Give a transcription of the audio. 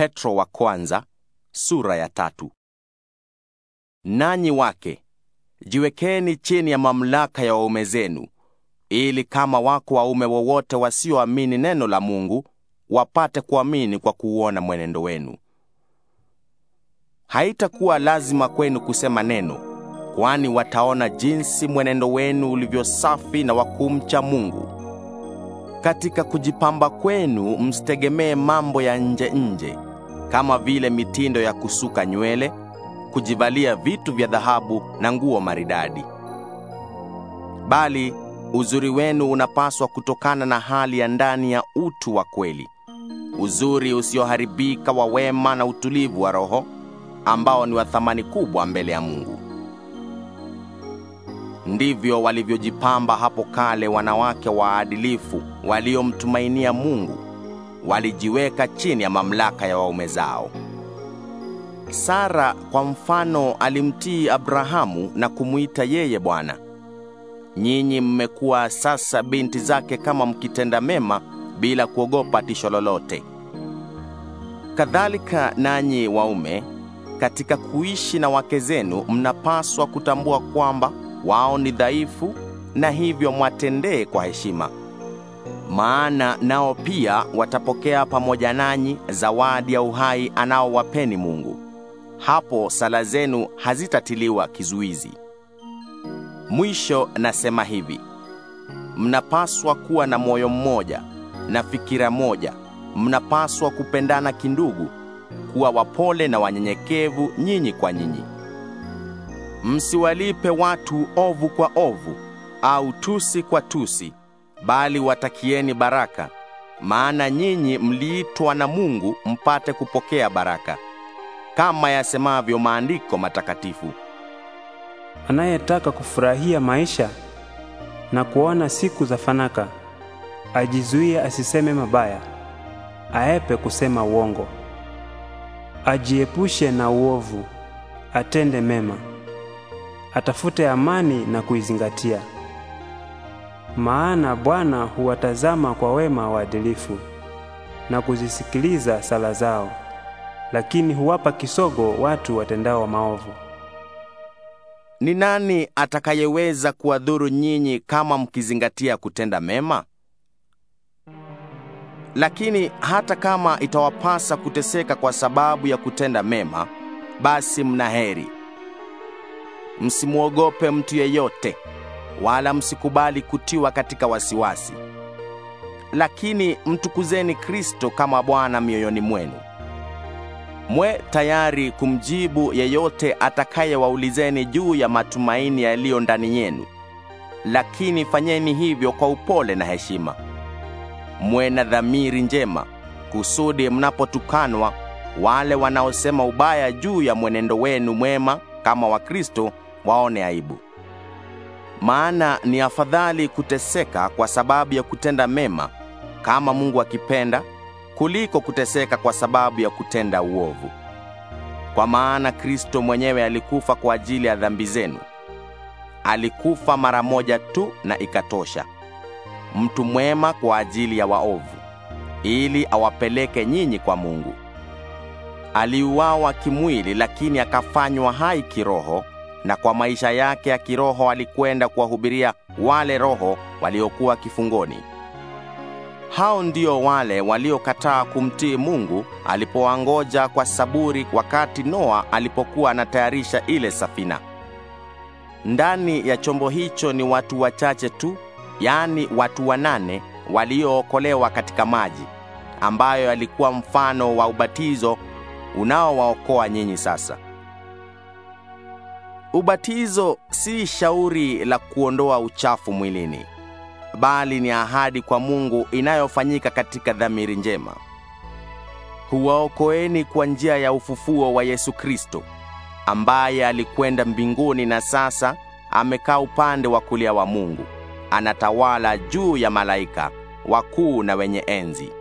Petro wa kwanza, sura ya tatu. Nanyi wake jiwekeni chini ya mamlaka ya waume zenu, ili kama wako waume wowote wasioamini neno la Mungu wapate kuamini kwa kuuona mwenendo wenu. Haitakuwa lazima kwenu kusema neno, kwani wataona jinsi mwenendo wenu ulivyo safi na wa kumcha Mungu. Katika kujipamba kwenu, msitegemee mambo ya nje nje kama vile mitindo ya kusuka nywele, kujivalia vitu vya dhahabu na nguo maridadi. Bali uzuri wenu unapaswa kutokana na hali ya ndani ya utu wa kweli, uzuri usioharibika wa wema na utulivu wa roho, ambao ni wa thamani kubwa mbele ya Mungu. Ndivyo walivyojipamba hapo kale wanawake waadilifu waliomtumainia Mungu walijiweka chini ya mamlaka ya waume zao. Sara kwa mfano alimtii Abrahamu na kumwita yeye bwana. Nyinyi mmekuwa sasa binti zake kama mkitenda mema bila kuogopa tisho lolote. Kadhalika nanyi waume, katika kuishi na wake zenu mnapaswa kutambua kwamba wao ni dhaifu na hivyo mwatendee kwa heshima maana nao pia watapokea pamoja nanyi zawadi ya uhai anaowapeni Mungu. Hapo sala zenu hazitatiliwa kizuizi. Mwisho nasema hivi: mnapaswa kuwa na moyo mmoja na fikira moja. Mnapaswa kupendana kindugu, kuwa wapole na wanyenyekevu nyinyi kwa nyinyi. Msiwalipe watu ovu kwa ovu au tusi kwa tusi, bali watakieni baraka, maana nyinyi mliitwa na Mungu mpate kupokea baraka, kama yasemavyo maandiko matakatifu. Anayetaka kufurahia maisha na kuona siku za fanaka, ajizuie asiseme mabaya, aepe kusema uongo, ajiepushe na uovu, atende mema, atafute amani na kuizingatia maana Bwana huwatazama kwa wema waadilifu na kuzisikiliza sala zao, lakini huwapa kisogo watu watendao maovu. Ni nani atakayeweza kuwadhuru nyinyi kama mkizingatia kutenda mema? Lakini hata kama itawapasa kuteseka kwa sababu ya kutenda mema, basi mna heri. Msimwogope mtu yeyote wala msikubali kutiwa katika wasiwasi, lakini mtukuzeni Kristo kama Bwana mioyoni mwenu. Mwe tayari kumjibu yeyote atakayewaulizeni juu ya matumaini yaliyo ndani yenu, lakini fanyeni hivyo kwa upole na heshima. Mwe na dhamiri njema, kusudi mnapotukanwa wale wanaosema ubaya juu ya mwenendo wenu mwema kama Wakristo waone aibu. Maana ni afadhali kuteseka kwa sababu ya kutenda mema, kama Mungu akipenda, kuliko kuteseka kwa sababu ya kutenda uovu. Kwa maana Kristo mwenyewe alikufa kwa ajili ya dhambi zenu. Alikufa mara moja tu na ikatosha, mtu mwema kwa ajili ya waovu, ili awapeleke nyinyi kwa Mungu. Aliuawa kimwili, lakini akafanywa hai kiroho na kwa maisha yake ya kiroho alikwenda kuwahubiria wale roho waliokuwa kifungoni. Hao ndio wale waliokataa kumtii Mungu alipowangoja kwa saburi wakati Noa alipokuwa anatayarisha ile safina. Ndani ya chombo hicho ni watu wachache tu, yaani watu wanane waliookolewa katika maji, ambayo yalikuwa mfano wa ubatizo unaowaokoa nyinyi sasa. Ubatizo si shauri la kuondoa uchafu mwilini, bali ni ahadi kwa Mungu inayofanyika katika dhamiri njema. Huwaokoeni kwa njia ya ufufuo wa Yesu Kristo, ambaye alikwenda mbinguni na sasa amekaa upande wa kulia wa Mungu. Anatawala juu ya malaika wakuu na wenye enzi.